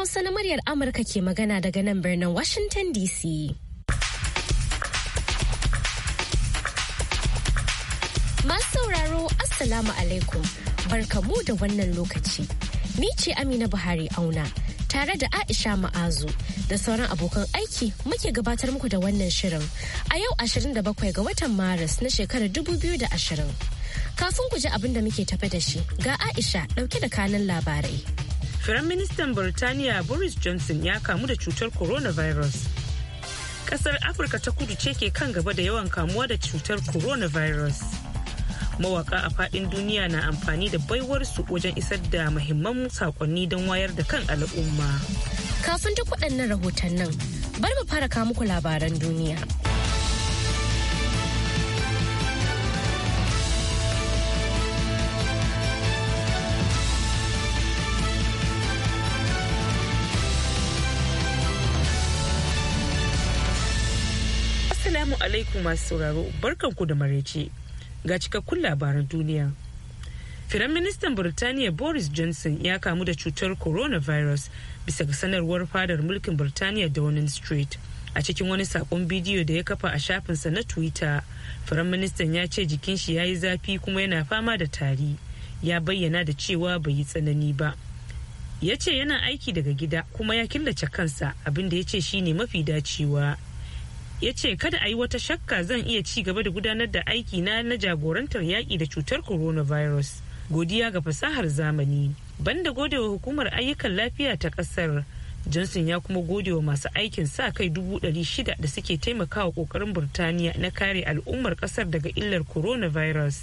Hausa na muryar Amurka ke magana daga nan birnin Washington DC. Masu sauraro Assalamu alaikum barkamu da wannan lokaci. Ni ce Amina Buhari auna tare da Aisha Ma'azu da sauran abokan aiki muke gabatar muku da wannan shirin a yau 27 ga watan Maris na shekarar 2020. Kafin ku ji abin da muke tafi da shi ga Aisha dauke da kanan labarai. Firaministan Birtaniya Boris Johnson ya kamu da cutar coronavirus. Kasar Afirka ta kudu ce ke kan gaba da yawan kamuwa da cutar coronavirus. Mawaka a fadin duniya na amfani da baiwar su wajen isar da mahimman sakonni don wayar da kan al'umma. Kafin duk waɗannan rahotannin, bari mu fara kawo muku labaran duniya. alaikum masu sauraro barkanku da maraice ga cikakkun labaran duniya. Firaministan Birtaniya Boris Johnson ya kamu da cutar coronavirus bisa ga sanarwar fadar mulkin Birtaniya Downing Street. A cikin wani sakon bidiyo da ya kafa a shafinsa na Twitter, Firaministan ya ce jikin shi ya yi zafi kuma yana fama da tari. Ya bayyana da cewa bai yi tsanani ba. Ya ce yana aiki daga gida kuma ya killace kansa abinda ya ce shine mafi dacewa. ya ce kada a yi wata shakka zan iya ci gaba da gudanar da aiki na na jagorantar yaƙi da cutar coronavirus godiya ga fasahar zamani banda godewa hukumar ayyukan lafiya ta ƙasar johnson ya kuma godewa masu aikin sa kai dubu ɗari shida da suke taimakawa ƙoƙarin burtaniya na kare al'ummar ƙasar daga illar coronavirus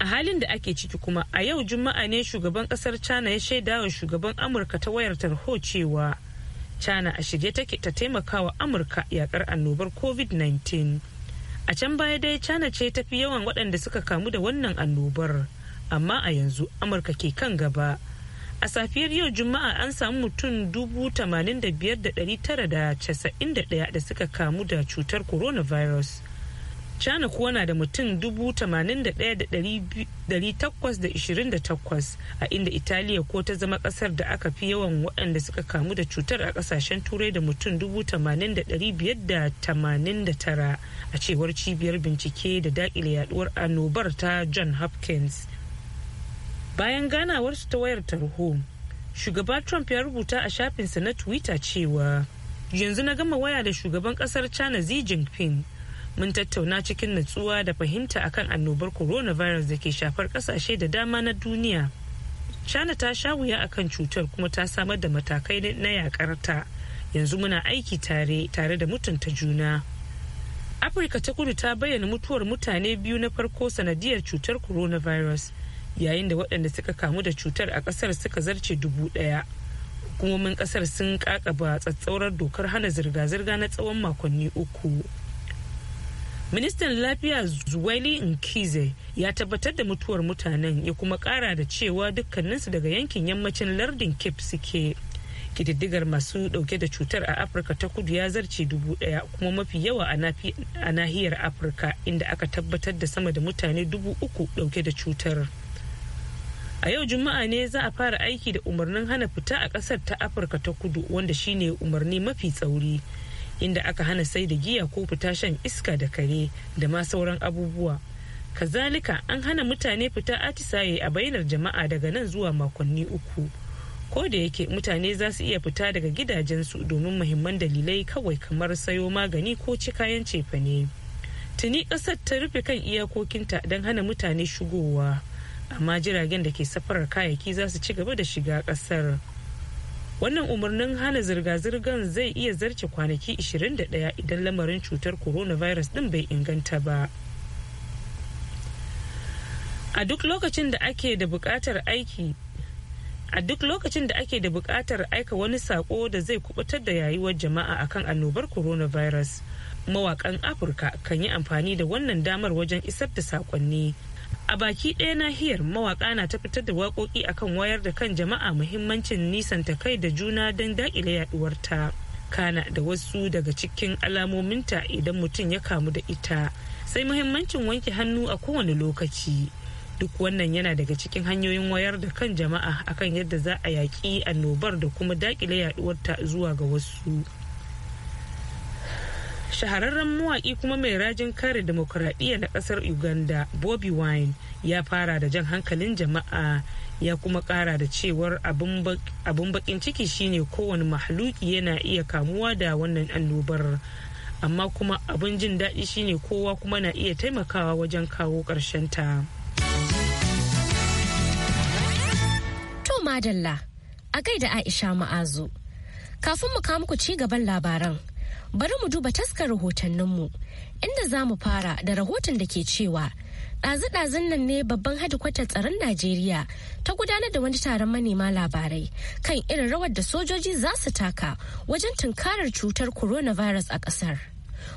a halin da ake ciki kuma a yau juma'a ne shugaban ƙasar china ya shaidawa shugaban amurka ta wayar tarho cewa china a shige take ta taimaka wa amurka yakar annobar covid-19 a can baya dai china ce tafi yawan waɗanda suka kamu da wannan annobar amma a yanzu amurka ke kan gaba a safiyar yau juma'a an samu mutum 85,991 da suka kamu da cutar coronavirus china kuwa na da mutum 81,828 a inda italiya ko ta zama kasar da aka fi yawan waɗanda suka kamu da cutar a ƙasashen turai da mutum 80,589 a cewar cibiyar bincike da daƙile yaduwar annobar ta john hopkins bayan ganawarsu ta wayar tarho shugaba trump ya rubuta a shafinsa na twitter cewa yanzu na gama waya da shugaban kasar china xi jinping mun tattauna cikin natsuwa da fahimta akan annobar coronavirus da ke shafar kasashe da dama na duniya Shana ta sha wuya akan cutar kuma ta samar da matakai na yaƙarta, yanzu muna aiki tare tare da mutunta juna afirka ta kudu ta bayyana mutuwar mutane biyu na farko sanadiyar cutar coronavirus yayin da waɗanda suka kamu da cutar a ƙasar suka zarce dubu ɗaya hukumomin ƙasar sun ƙaƙaba tsatsaurar dokar hana zirga-zirga na tsawon makonni uku ministan lafiya zuwaili nkize ya tabbatar da mutuwar mutanen ya kuma kara da cewa dukkaninsu daga yankin yammacin lardin cape suke kididdigar masu dauke da cutar a afirka ta kudu ya zarce dubu daya kuma mafi yawa a nahiyar afirka inda aka tabbatar da sama da mutane dubu uku dauke da cutar a yau juma'a ne za a fara aiki da umarnin hana fita a kasar ta afirka ta kudu wanda shine umarni mafi tsauri inda aka hana sai da giya ko fita shan iska da kare da ma sauran abubuwa kazalika an hana mutane fita atisaye a bainar jama'a daga nan zuwa makonni uku ko da yake mutane za su iya fita daga gidajensu domin muhimman dalilai kawai kamar sayo magani ko ci kayan cefane tuni ƙasar ta rufe kan iyakokinta don hana mutane shigowa amma jiragen da ke safarar kayayyaki za su ci gaba da shiga ƙasar. wannan umarnin hana zirga-zirgar zai iya zarce kwanaki 21 idan lamarin cutar coronavirus din bai inganta ba a duk lokacin da ake da buƙatar aiki a duk lokacin da ake da buƙatar aika wani saƙo da zai kubutar da yayuwar jama'a akan annobar coronavirus mawakan afirka kan yi amfani da wannan damar wajen isar da saƙonni. a baki ɗaya nahiyar mawaƙa na ta fitar da waƙoƙi akan wayar da kan jama'a muhimmancin nisanta kai da juna don daƙile yaɗuwarta. kana da wasu daga cikin alamominta idan mutum ya kamu da ita sai muhimmancin wanke hannu a kowane lokaci duk wannan yana daga cikin hanyoyin wayar da kan jama'a akan yadda za a yaƙi annobar da kuma daƙile yaɗuwarta zuwa ga wasu shahararren mawaƙi kuma mai rajin kare demokuraɗiyya na ƙasar uganda bobby wine ya fara da jan hankalin jama'a ya kuma ƙara da cewar abin baƙin ciki shine kowane mahaluki yana iya kamuwa da wannan annobar amma kuma abin jin daɗi shine kowa kuma na iya taimakawa wajen kawo ƙarshen ta. To a gaida Aisha ma'azu kafin mu kawo muku ci gaban labaran bari mu duba taskar rahotanninmu inda za mu fara da rahoton da ke cewa ɗazu-ɗazun nan ne babban hadikwatar tsaron najeriya ta gudanar da wani taron manema labarai kan irin rawar da sojoji za su taka wajen tunkarar cutar coronavirus a ƙasar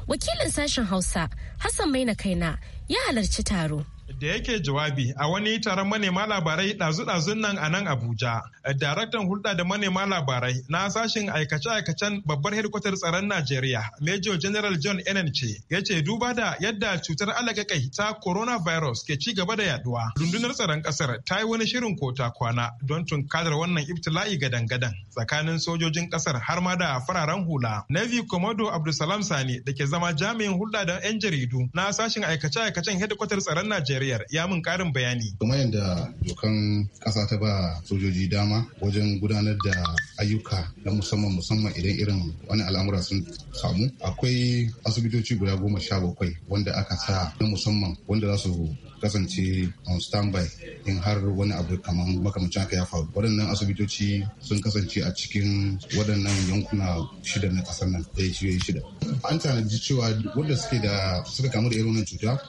wakilin sashen hausa hassan maina kaina ya halarci taro da yake jawabi a wani taron manema labarai ɗazu-ɗazun nan a nan Abuja. Daraktan hulɗa da manema labarai na sashen aikace-aikacen babbar hedikwatar tsaron Najeriya, Major General John Enen ce, ya ce duba da yadda cutar alaƙaƙai ta coronavirus ke ci gaba da yaduwa. Rundunar tsaron ƙasar ta yi wani shirin kota kwana don tunkadar wannan ibtila'i gadan-gadan tsakanin sojojin ƙasar har ma da fararen hula. Navy Komodo Abdulsalam Sani da ke zama jami'in hulɗa da 'yan jaridu na sashen aikace-aikacen hedikwatar tsaron Najeriya muryar ya mun karin bayani. Kuma yadda dokan kasa ta ba sojoji dama wajen gudanar da ayyuka na musamman musamman idan irin wani al'amura sun samu akwai asibitoci guda goma sha bakwai wanda aka sa na musamman wanda za su kasance on standby in har wani abu kamar makamancin haka ya faru waɗannan asibitoci sun kasance a cikin waɗannan yankuna shida na ƙasar nan ɗaya eh, shida an tanaji cewa wanda suke da suka kamu da irin wannan cuta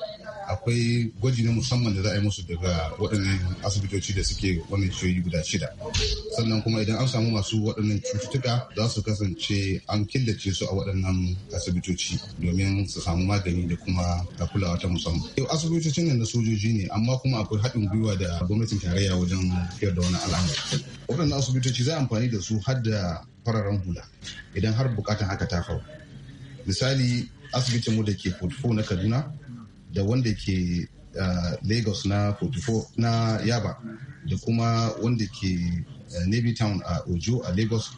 akwai gwaji na musamman da za a yi musu daga waɗannan asibitoci da suke wannan ciwoyi guda shida sannan kuma idan an samu masu waɗannan cututtuka za su kasance an killace su a waɗannan asibitoci domin su samu magani da kuma a kulawa ta musamman yau asibitocin nan na sojoji ne amma kuma akwai haɗin gwiwa da gwamnatin tarayya wajen fiyar da wani al'amari waɗannan asibitoci za a amfani da su har da fararen hula idan har bukatan haka ta faru misali asibitin mu da ke portfolio na kaduna da wanda ke uh, lagos na 44 na yaba da kuma wanda ke uh, navy town a ojo a lagos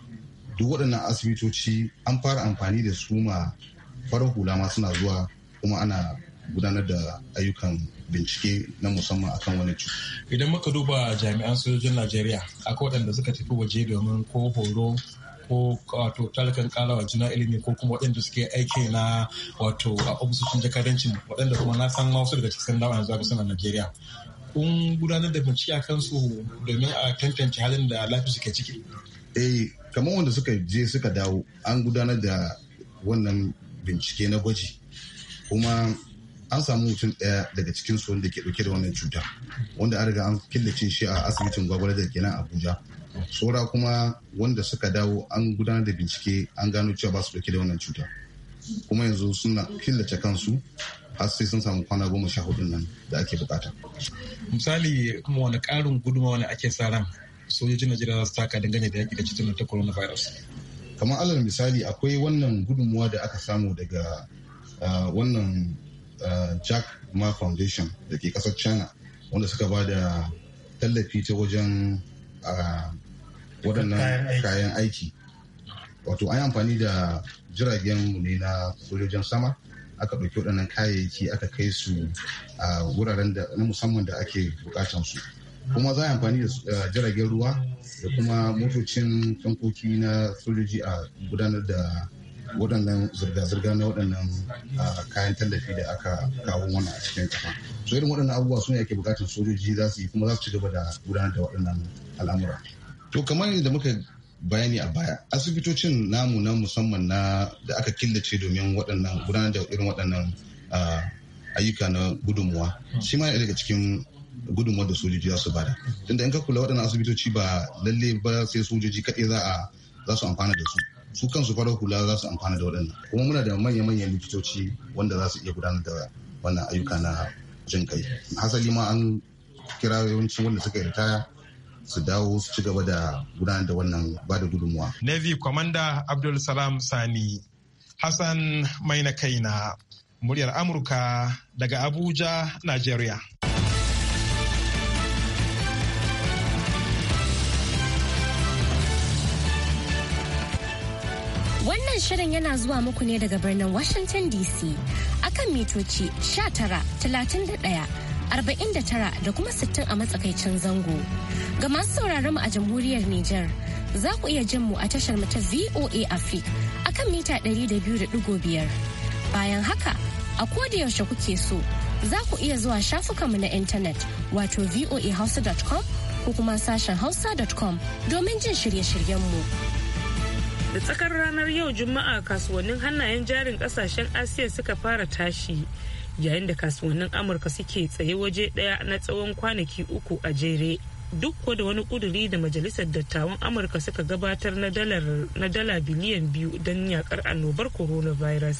duk waɗannan asibitoci an fara amfani da su ma farar hula ma suna zuwa kuma ana gudanar da ayyukan bincike na musamman akan wani idan muka duba jami'an sojojin najeriya akwai waɗanda suka tafi waje domin ko horo ko wato talakan karawa juna ilimi ko kuma waɗanda suke aiki na wato a ofisoshin jakadancin waɗanda kuma na san wasu daga cikin dawa zuwa a na Najeriya. Kun gudanar da bincike a kansu domin a tantance halin da lafiya suke ciki. Eh, kamar wanda suka je suka dawo an gudanar da wannan bincike na gwaji kuma an samu mutum ɗaya daga cikin su wanda ke ɗauke da wannan cuta wanda an riga an killace shi a asibitin gwagwalada da kenan abuja saura kuma wanda suka dawo an gudanar da bincike an gano cewa ba su da wannan cuta kuma yanzu suna killace kansu har sai sun samu kwana goma sha hudu nan da ake bukata misali kuma wani karin guduma wani ake sa ran sojojin najeriya za su taka dangane da yaki da cutar ta coronavirus kamar alal misali akwai wannan gudunmuwa da aka samu daga wannan jack ma foundation da ke kasar china wanda suka ba da tallafi ta wajen waɗannan kayan aiki wato an yi amfani da jiragen ne na sojojin sama aka ɗauki waɗannan kayayyaki aka kai su a wuraren da na musamman da ake bukatan su kuma za a yi amfani da jiragen ruwa da kuma motocin tankoki na sojoji a gudanar da waɗannan zirga-zirga na waɗannan kayan tallafi da aka kawo wannan a cikin kafa so irin waɗannan abubuwa su ne ake bukatar sojoji za su yi kuma za su ci gaba da gudanar da waɗannan al'amura to kamar yadda muka bayani a baya asibitocin namu na musamman na da aka killace domin waɗannan gudanar da irin waɗannan ayyuka na gudunmuwa shi ma daga cikin gudunmuwar da sojoji za su bada tunda in ka kula waɗannan asibitoci ba lalle ba sai sojoji kaɗai za a za su amfana da su su kansu fara kula za su amfana da waɗannan kuma muna da manya-manyan likitoci wanda za su iya gudanar da wannan ayyuka na jin kai hasali ma an kira yawanci wanda suka yi ritaya su dawo su ci gaba da gudanar da wannan ba da gudunmuwa. Navy Commander Abdul Salam Sani Hassan Maina Kaina muryar Amurka daga Abuja, Nigeria. Wannan shirin yana zuwa muku ne daga birnin Washington DC akan mitoci 19, 31 49 da kuma 60 a matsakaicin zango. Ga masu sauraron mu a jamhuriyar Nijar, za ku iya jin mu a tashar mu ta VOA Africa a kan mita 200.5. Bayan haka, a yaushe kuke so, za ku iya zuwa shafukanmu na intanet wato voahausa.com ko kuma sashen hausa.com domin jin shirye-shiryenmu. Da tsakar ranar yau Juma'a kasuwannin hannayen jarin kasashen Asiya suka fara tashi. yayin da kasuwannin amurka suke tsaye waje daya na tsawon kwanaki uku a jere duk ko da wani kuduri da majalisar dattawan amurka suka gabatar na dala biliyan biyu don yakar annobar coronavirus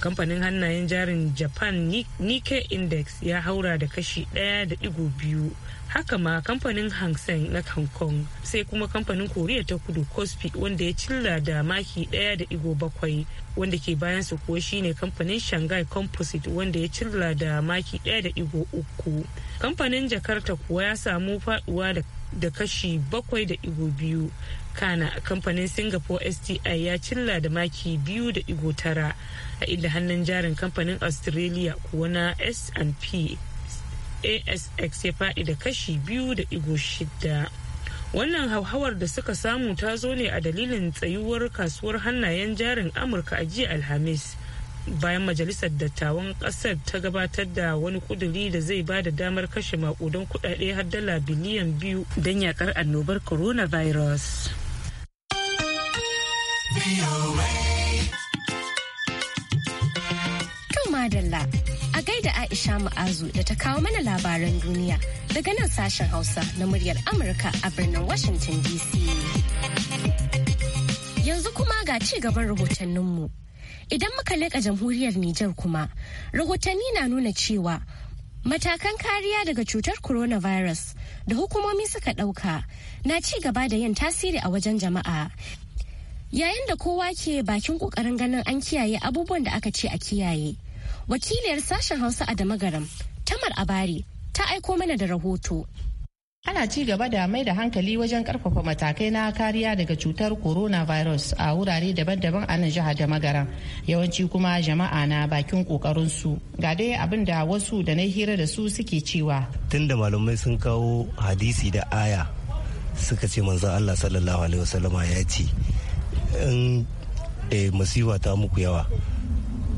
kamfanin hannayen jarin japan nike index ya haura da kashi ɗaya da biyu haka ma kamfanin hang seng na hong kong sai kuma kamfanin koriya ta kudu cosby wanda ya cilla da maki ɗaya da bakwai wanda ke bayan su kuwa shine kamfanin shanghai composite wanda ya cilla da maki 1.3 kamfanin jakarta kuwa ya samu faduwa da da kashi bakwai da igo biyu kana kamfanin singapore sti ya cilla da maki biyu da igo tara a inda hannun jarin kamfanin australia kuwa na s&p asx ya fadi da kashi biyu da igo shida wannan hauhawar da suka samu ta zo ne a dalilin tsayuwar kasuwar hannayen jarin amurka a jiya alhamis bayan majalisar dattawan kasar ta gabatar da wani kuduri da zai ba da damar kashe makudan kudade har dala biliyan biyu don yakar annobar coronavirus. madalla a gaida aisha ma'azu da ta kawo mana labaran duniya daga nan sashen hausa na muryar amurka a birnin washington dc yanzu kuma ga ci gaban rahotanninmu. mu Idan muka leƙa jamhuriyar Nijar kuma, rahotanni na nuna cewa matakan kariya daga cutar coronavirus da hukumomi suka ɗauka na ci gaba da yin tasiri a wajen jama'a. Yayin da kowa ke bakin ƙoƙarin ganin an kiyaye abubuwan da aka ce a kiyaye. Wakiliyar sashen Hausa a Damagaram, Tamar Abari, ta aiko mana da rahoto. ana ci gaba da mai da hankali wajen karfafa matakai na kariya daga cutar coronavirus a wurare daban-daban a nan jihar da magaran yawanci kuma jama'a na bakin su ga dai abin da wasu da na hira da su suke cewa tunda malamai sun kawo hadisi da aya suka ce manzo allah sallallahu alaihi wasallama ya ce in eh, masifa ta muku yawa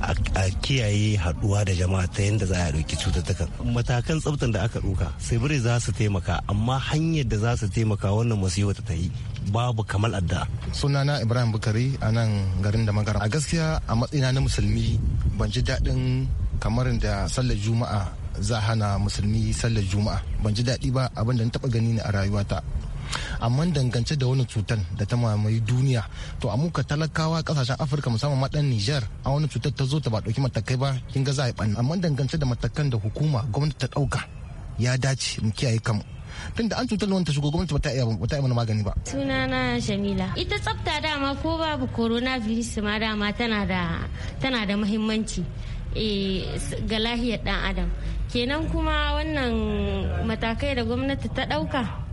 a kiyaye haduwa da jama'a ta yadda za a ɗauki cututtukan matakan tsaftan da aka ɗauka tsibirai za su taimaka amma hanyar da za su taimaka wannan masu ta yi babu kamal adda sunana ibrahim bukari a nan garin da magara a gaskiya a matsayina na musulmi ban ji daɗin kamar da sallar juma'a za hana musulmi sallar juma'a ban ji daɗi ba abin da na taɓa gani ne a rayuwata amma dangance da wani cutar da ta mamaye duniya to a muka talakawa kasashen afirka musamman madan niger a wani cutar ta zo ta ba ɗauki matakai ba kin ga za a yi amma dangance da matakan da hukuma gwamnati ta ɗauka ya dace mu kiyaye kanmu da an cutar wanda ta shigo gwamnati ba ta iya ba ta iya mana magani ba sunana jamila ita tsafta dama ko babu coronavirus ma dama tana da tana da muhimmanci eh, ga lahiyar dan adam kenan kuma wannan matakai da gwamnati ta dauka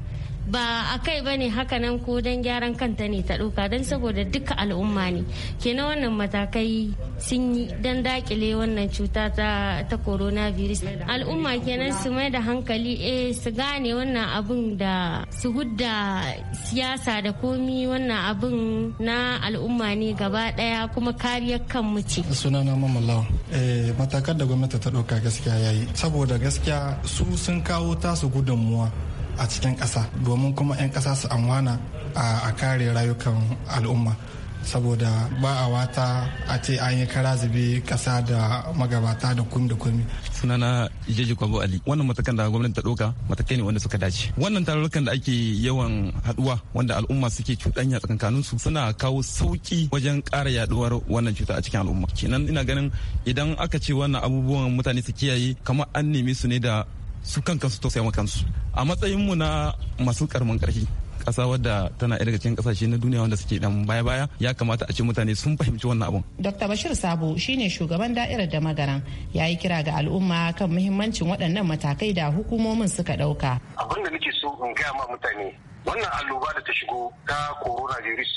ba a kai ba ne hakanan ko don gyaran kanta ne ta ɗauka don saboda duka al'umma ne kenan wannan matakai sun yi don dakile wannan cuta ta coronavirus al'umma kenan su mai da hankali eh su gane wannan abin da su hudda siyasa da komi wannan abin na al'umma ne gaba daya kuma kariyar kan mace. sunana mamallawa eh, matakan da gwamnati ta ɗauka gaskiya yayi saboda gaskiya su sun kawo tasu gudunmuwa a cikin ƙasa domin kuma 'yan ƙasa su amwana a kare rayukan al'umma saboda ba a wata a ce an yi kara zube ƙasa da magabata da kum da kumi. sunana jeji kwabo ali wannan matakan da gwamnati ta ɗauka matakai ne wanda suka dace wannan tarurrukan da ake yawan haduwa wanda al'umma suke cuɗanya tsakankanin su suna kawo sauki wajen ƙara yaduwar wannan cuta a cikin al'umma kenan ina ganin idan aka ce wannan abubuwan mutane su kiyaye kamar an neme su ne da su kan kansu tausaya ma kansu a matsayin mu na masu karamin karfi kasa wadda tana daga cikin kasashe na duniya wanda suke dan baya-baya ya kamata a ce mutane sun fahimci wannan abun. Dr. Bashir Sabo shine shugaban da'irar da magaran ya yi kira ga al'umma kan muhimmancin waɗannan matakai da hukumomin suka ɗauka. Abin da nake so in gaya ma mutane wannan alloba da ta shigo ta virus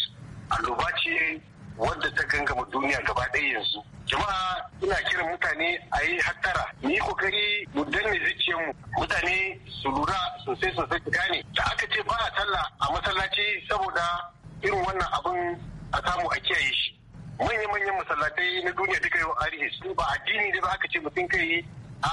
alloba ce wadda ta gangama duniya gaba ɗaya yanzu jama'a ina kiran mutane a yi hattara mu yi kokari mu danne mu. mutane su lura sosai sosai su gane da aka ce ba a sallah a masallaci saboda irin wannan abin a samu a kiyaye shi manya-manyan masallatai na duniya duka yau arihi su ba addini da ba aka ce mutum kai a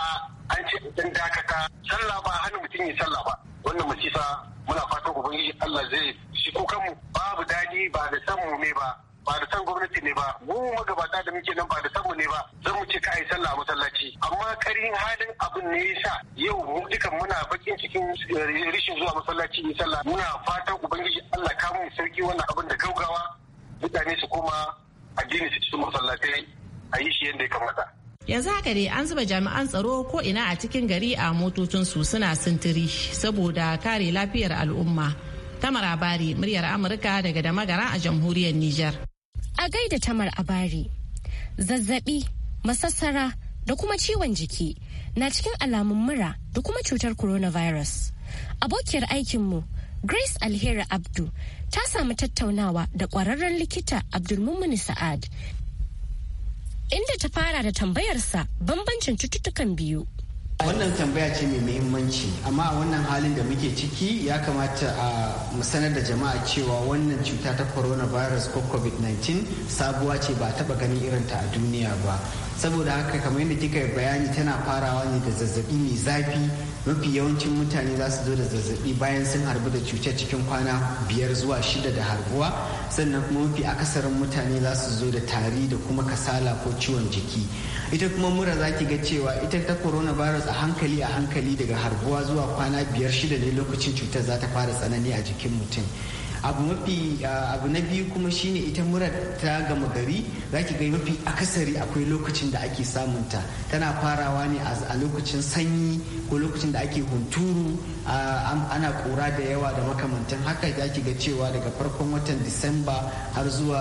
an ce dan dakata sallah ba hana mutum yi sallah ba wannan masifa muna fatan ubangiji Allah zai shi kukan mu babu daɗi ba da san mu ne ba ba da san gwamnati ne ba mu magabata da muke nan ba da san mu ne ba zan mu ce ka sallah a masallaci amma karin halin abun ne yasa yau mu dukan muna bakin cikin eh, rishin zuwa masallaci in sallah muna fatan ubangiji Allah ka mu sarki wannan abin da gaugawa mutane su koma addini su cikin masallatai a yi shi yadda ya kamata yanzu haka dai an zuba jami'an tsaro ko ina a cikin gari a motocinsu suna sintiri saboda kare lafiyar al'umma tamara bari muryar amurka daga damagara a jamhuriyar nijar. A gaida tamar a bari, zazzabi, masassara da kuma ciwon jiki na cikin alamun mura da kuma cutar coronavirus. Abokiyar aikinmu Grace Alheri Abdu ta samu tattaunawa da ƙwararren likita abdulmumin Sa'ad. Inda ta fara da tambayarsa bambancin cututtukan biyu. wannan tambaya ce mai muhimmanci amma a wannan halin da muke ciki ya kamata a sanar da jama'a cewa wannan cuta ta coronavirus ko covid-19 sabuwa ce ba taba ganin irinta a duniya ba saboda haka kamar yadda kika bayani tana farawa ne da zazzabi mai zafi mafi yawancin mutane za su zo da zazzabi bayan sun harbu da cuta cikin kwana biyar zuwa shida da harbuwa sannan kuma mafi akasarin mutane za su zo da tari da kuma kasala ko ciwon jiki ita kuma mura za ki ga cewa ita ta coronavirus a hankali a hankali daga harbuwa zuwa kwana biyar shida ne lokacin cutar za ta fara tsanani a jikin mutum abu mafi abu na biyu kuma shine ita mura ta gama gari za ki ga mafi akasari akwai lokacin da ake samun ta tana farawa ne a lokacin sanyi ko lokacin da ake hunturu ana kura da yawa da makamantan haka za ki ga cewa daga farkon watan disamba har zuwa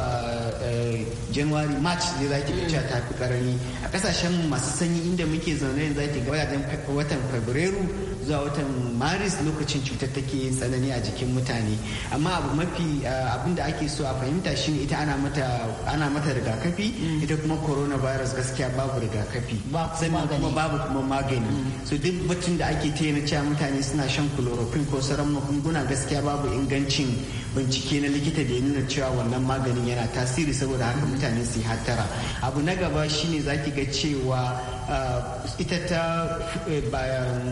e, january march ne za ki ga cewa ta fi karami a kasashen masu sanyi inda muke zaune za ki ga watan fabrairu zuwa watan maris lokacin cutar take tsanani a jikin mutane amma abu mafi eh, abin da ake so a fahimta shi ne ita ana mata rigakafi mm. ita kuma virus gaskiya babu rigakafi sannan kuma babu kuma magani mm. so duk batun da ake ta cewa mutane suna shan chloroquine ko sauran magunguna gaskiya babu ingancin bincike na likita da ya nuna cewa wannan maganin yana tasiri saboda haka mutane su yi hattara abu na gaba shine zaki ga cewa Ah, ita ta eh,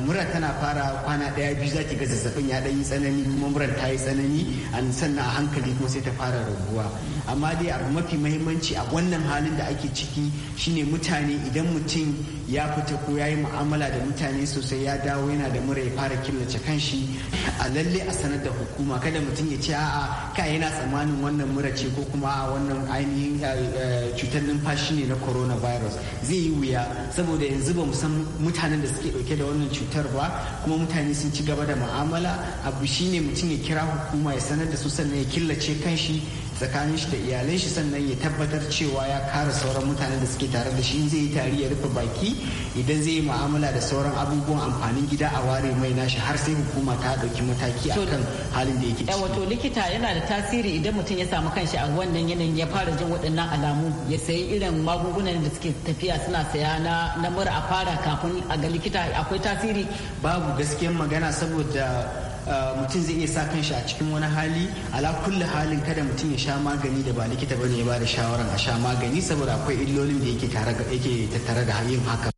mura tana fara kwana daya biyu zaki ga zazzabin ya dan yi tsanani kuma muran ta yi tsanani an sannan a hankali kuma sai ta fara raguwa amma dai abu mafi mahimmanci a wannan halin da ake ciki shine mutane idan mutum ya fita ko ya yi mu'amala da mutane sosai ya dawo yana da mura ya fara killace kanshi a lalle a sanar da hukuma kada mutum ya ce a'a ka yana tsammanin wannan mura ce ko kuma a wannan ainihin eh, eh, cutar numfashi ne na coronavirus zai yi wuya saboda yanzu ba san mutanen da suke dauke da wannan cutar ba kuma mutane sun ci gaba da mu'amala abu shine mutum ya kira hukuma ya sanar da su sannan ya killace kanshi tsakanin shi da iyalan shi sannan ya tabbatar cewa ya kare sauran mutane da suke tare da shi zai yi tari ya rufe baki idan zai yi mu'amala da sauran abubuwan amfanin gida a ware mai nashi har sai hukuma ta ɗauki mataki akan halin da yake ciki. wato likita yana da tasiri idan mutum ya samu kanshi a wannan yanayin ya fara jin waɗannan alamu ya sayi irin magungunan da suke tafiya suna saya na na mura a fara kafin a ga likita akwai tasiri babu gaskiyar magana saboda Eh, mutum zai iya sa shi a cikin wani hali ala kulli halin kada mutum ya sha magani da ba likita bane ya bada shawaran a sha magani saboda akwai illolin da yake tare tattare da yin haka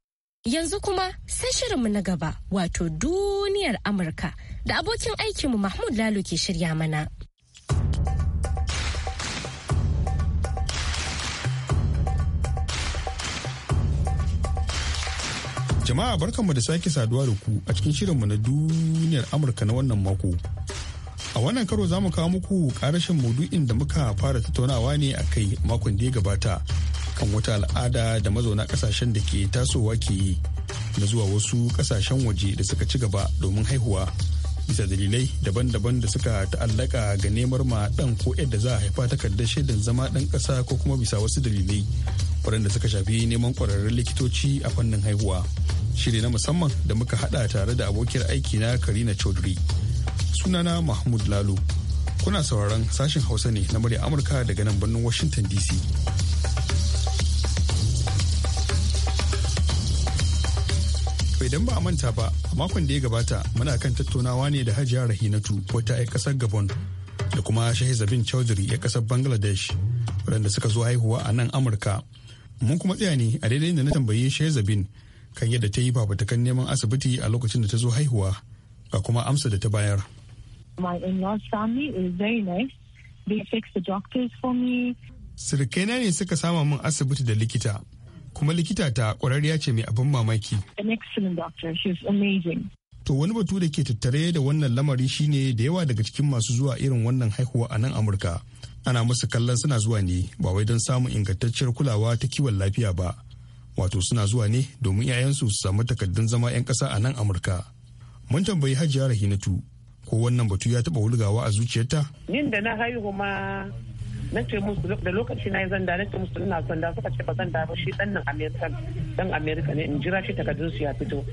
yanzu kuma sai shirinmu na gaba wato duniyar amurka da abokin aikinmu mahmud lalo ke shirya mana Jama'a barkanmu da sake saduwa da ku a cikin shirinmu na duniyar Amurka na wannan mako. A wannan karo za mu kawo muku karashin mudu'in da muka fara tattaunawa ne a kai makon da ya gabata kan wata al'ada da mazauna kasashen da ke tasowa ke yi na zuwa wasu kasashen waje da suka ci gaba domin haihuwa bisa dalilai daban-daban da suka ta'allaka ga nemar ma dan ko yadda za a haifa takardar shaidan zama ɗan ƙasa ko kuma bisa wasu dalilai waɗanda suka shafi neman kwararrun likitoci a fannin haihuwa shiri na musamman da muka hada tare da abokiyar aiki na karina chaudhry sunana mahmud lalu kuna sauraron sashen hausa ne na murya amurka daga nan birnin washington dc idan ba a manta ba a makon da ya gabata muna kan tattaunawa ne da hajiya rahinatu wata ya kasar gabon da kuma shahi zabin chaudhry ya kasar bangladesh waɗanda suka zo haihuwa a nan amurka mun kuma tsaya ne a daidai da na tambayi zabin, kan yadda ta yi babatakan neman asibiti a lokacin da ta zo haihuwa ga kuma amsa da ta bayar. Sirkena ne suka sama min asibiti da likita. Kuma likita ta ƙwararriya ce mai abin mamaki. To wani batu da ke tattare da wannan lamari shine da yawa daga cikin masu zuwa irin wannan haihuwa a nan Amurka. ana musu kallon suna zuwa ne ba wai don samun ingantacciyar kulawa ta kiwon lafiya ba wato suna zuwa ne domin 'ya'yansu su samu takardun zama 'yan kasa a nan amurka mun tambayi hajiya rahinatu ko wannan batu ya taɓa wulgawa a zuciyarta yin da na haihu ma na ce musu da lokaci na yi zanda na ce musu ina zanda suka ce ba zanda ba shi dan nan amerika dan amerika ne in jira shi takardun su ya fito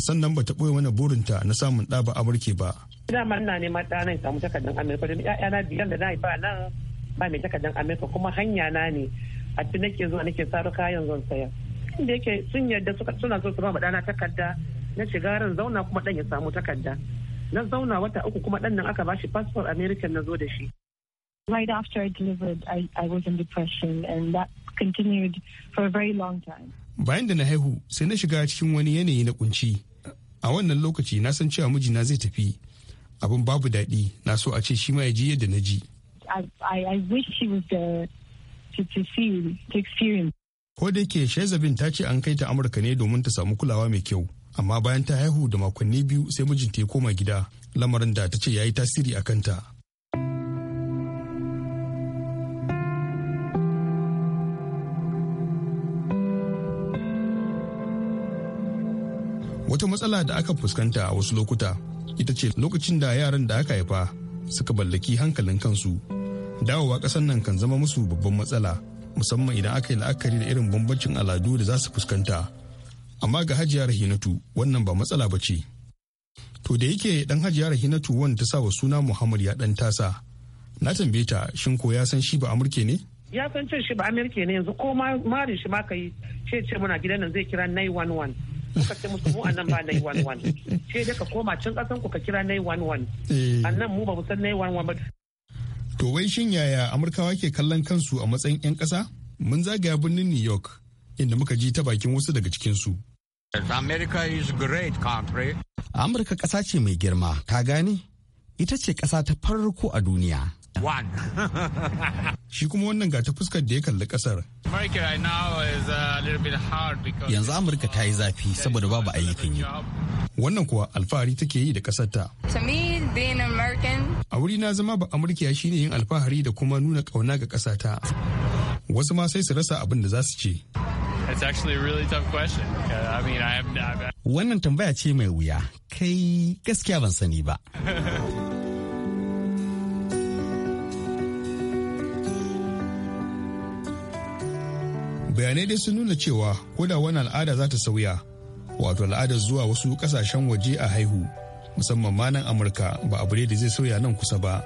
sannan bata ɓoye wani burinta na samun ɗa ba amurke ba. Dama ina neman ɗa nan samu takardun Amurka don ‘ya'yana biyar da na haifa nan ba mai takardar amerika kuma hanya na ne a ci nake zuwa nake saro kayan zan saya inda yake sun yarda suka suna so su ba dana takarda na shiga ran zauna kuma dan ya samu takarda na zauna wata uku kuma dan nan aka ba shi passport american na zo da shi Right after I delivered, I, I was in depression and that continued for a very long time. Bayan da na haihu sai na shiga cikin wani yanayi na kunci. A wannan lokaci na san cewa mijina zai tafi. Abin babu daɗi na so a ce shi ma ya ji yadda na ji. I, I, I wish she was there to, to see, to experience. Ko da ke Shezabin ta ce an kai ta Amurka ne domin ta samu kulawa mai kyau, amma bayan ta haihu da makonni biyu sai mijinta ya koma gida, lamarin da ta ce ya yi tasiri a kanta. Wata matsala da aka fuskanta a wasu lokuta ita ce lokacin da yaran da aka haifa suka ballaki hankalin kansu dawowa ƙasar nan kan zama musu babban matsala musamman idan aka yi la'akari da irin bambancin al'adu da za su fuskanta amma ga hajiya rahinatu wannan ba matsala ba ce to da yake dan hajiya rahinatu wanda ta sa wa suna muhammad ya dan tasa na tambaye ta shin ko ya san shi ba amurke ne ya san cin shi ba amurke ne yanzu ko ma marin shi ma ka yi ce ce muna gidan nan zai kira 911 kuka ce musu mu a nan ba na yi wani wani shi ne ka koma can kasan ku ka kira na yi wani wani a nan mu ba mu san na yi wani wani ba. to wai shin yaya amurkawa ke kallon kansu a matsayin 'yan ƙasa mun zagaya birnin new york inda muka ji ta bakin wasu daga cikinsu. America is great country. Amurka ƙasa ce mai girma, ka gane? Ita ce ƙasa ta farko a duniya One. Shi kuma wannan ga ta fuskar da ya kalli kasar. Uh, Yanzu Amurka ta yi zafi saboda babu ayyukan yi. Wannan kuwa alfahari take yi da kasar ta. A wuri na zama ba Amurkiya ne yin alfahari da kuma nuna kauna ga ƙasa ta. Wasu ma sai su rasa abin da za su ce. Wannan tambaya ce mai wuya, kai gaskiya ban sani ba. bayanai dai sun nuna cewa ko da wani al'ada za ta sauya wato al'adar zuwa wasu kasashen waje a haihu musamman ma nan amurka ba abu ne da zai sauya nan kusa ba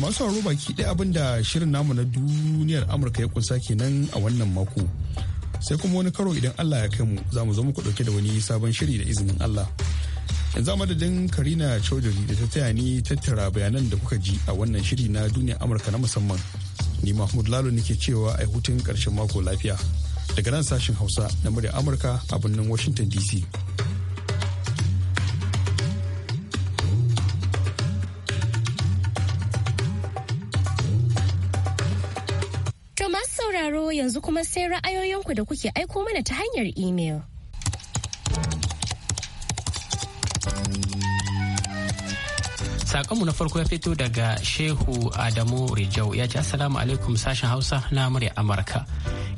masu sauraro baki ɗaya abin da shirin namu na duniyar amurka ya kunsa kenan a wannan mako sai kuma wani karo idan allah ya kai mu za mu zama ku ɗauke da wani sabon shiri da izinin allah yanzu a madadin karina chaudhary da ta taya ni tattara bayanan da kuka ji a wannan shiri na duniya amurka na musamman ni mahmud lalo nake cewa a hutun karshen mako lafiya daga nan sashen hausa na murya amurka a birnin washington dc To sauraro yanzu kuma sai ra'ayoyinku da kuke aiko mana ta hanyar imel. Sakonmu na farko ya fito daga Shehu Adamu Rijau ya ce Assalamu alaikum sashen Hausa na murya Amurka.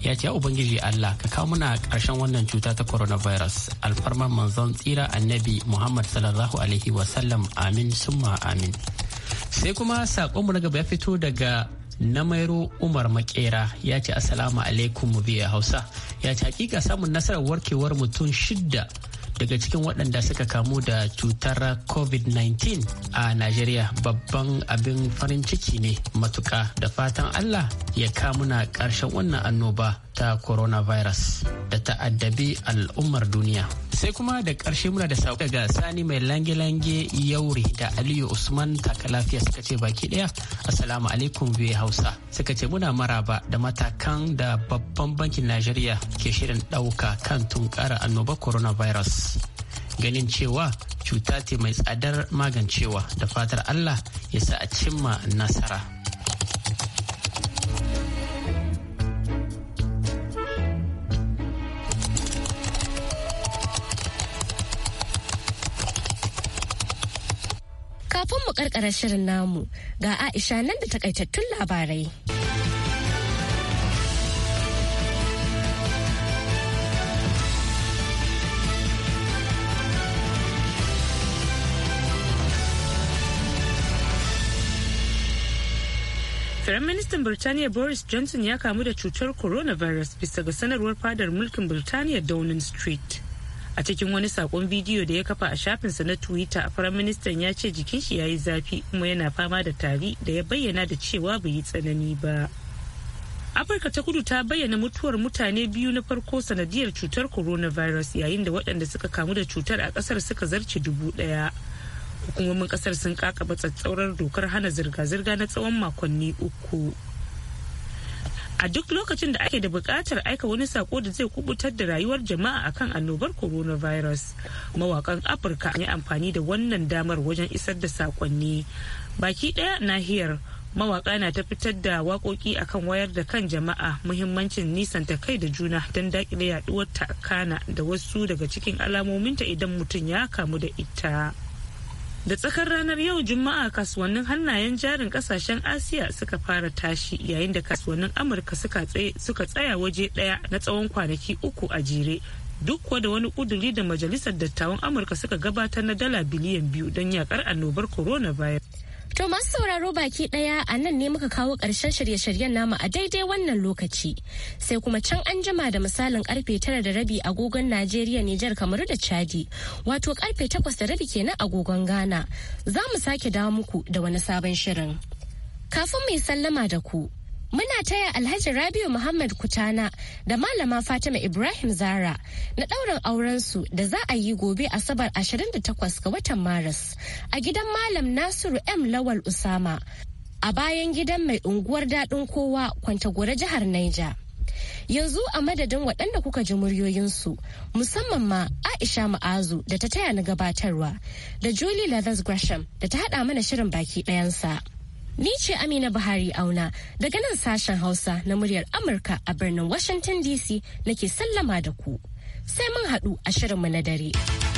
Ya ce Ubangiji Allah ka kawo muna karshen wannan cuta ta coronavirus Alfarman manzon tsira annabi Muhammad sallallahu alaihi wasallam amin summa amin. Sai kuma sakonmu na gaba ya fito daga na mairo umar makera ya ce assalamu alaikum mu biya hausa ya ce hakika samun nasarar warkewar mutum shidda daga cikin waɗanda suka kamu da cutar covid-19 a najeriya babban abin farin ciki ne matuka da fatan allah ya kamuna ƙarshen wannan annoba ta coronavirus da ta addabi al'ummar duniya. Sai kuma da ƙarshe muna da saƙo daga Sani mai lange-lange yauri da Aliyu Usman takalafiya suka ce baki ɗaya Assalamu alaikum biyu Hausa. Suka ce muna maraba da matakan da babban bankin Najeriya ke shirin ɗauka kan tunkara annobar coronavirus. Ganin cewa cuta ce mai tsadar magancewa da fatar Allah ya sa a cimma nasara. karkara shirin namu ga Aisha nan da takaitattun labarai. Firaministan Birtaniya Boris Johnson ya kamu da cutar coronavirus bisa ga sanarwar fadar mulkin Birtaniya Downing Street. a cikin wani sakon bidiyo da ya kafa a shafinsa na twitter firaministan ya ce jikin shi ya yi zafi kuma yana fama da tari da ya bayyana da cewa bai yi tsanani ba afirka ta kudu ta bayyana mutuwar mutane biyu na farko sanadiyar cutar coronavirus yayin da waɗanda suka kamu da cutar a ƙasar suka zarce dubu ɗaya hukumomin ƙasar sun kakaba tsatsauran dokar hana zirga-zirga na tsawon makonni uku a duk lokacin da ake da buƙatar aika wani sako da zai kubutar da rayuwar jama'a akan annobar coronavirus mawakan afirka an amfani da wannan damar wajen isar da sakonni baki ɗaya nahiyar mawaka na ta fitar da waƙoƙi akan wayar da kan jama'a muhimmancin nisanta kai da juna don daƙile yaduwar takana da wasu daga cikin alamominta idan mutum ya kamu da ita. da tsakar ranar yau juma'a kasuwannin hannayen jarin kasashen asiya suka fara tashi yayin da kasuwannin amurka suka tsaya waje daya na tsawon kwanaki uku a jere duk da wani kuduri da majalisar dattawan amurka suka gabatar na dala biliyan biyu don yakar annobar corona coronavirus To masu sauraro baki ɗaya a nan ne muka kawo ƙarshen shirye-shiryen namu a daidai wannan lokaci. Sai kuma can an jima da misalin karfe tara da rabi agogon Najeriya, Nijar, Kamaru da Chadi. Wato karfe takwas da rabi kenan agogon Ghana. Za mu sake dawo muku da wani sabon shirin. Kafin mai sallama da ku, Muna taya Alhaji Rabiu Muhammad Kutana da Malama Fatima Ibrahim Zara na ɗaurin aurensu da za a yi gobe Asabar 28 ga watan Maris a gidan Malam Nasiru M. Lawal Usama a bayan gidan mai unguwar daɗin kowa Kwantagora jihar Niger. yanzu a madadin waɗanda kuka ji muryoyinsu musamman ma aisha ma'azu da ta taya ni gabatarwa da julie Lathers gresham da ta haɗa mana shirin baki ɗayansa Ni ce Amina Buhari auna daga nan sashen Hausa na muryar Amurka a birnin Washington DC nake sallama da ku. Sai mun haɗu a shirin mu na dare.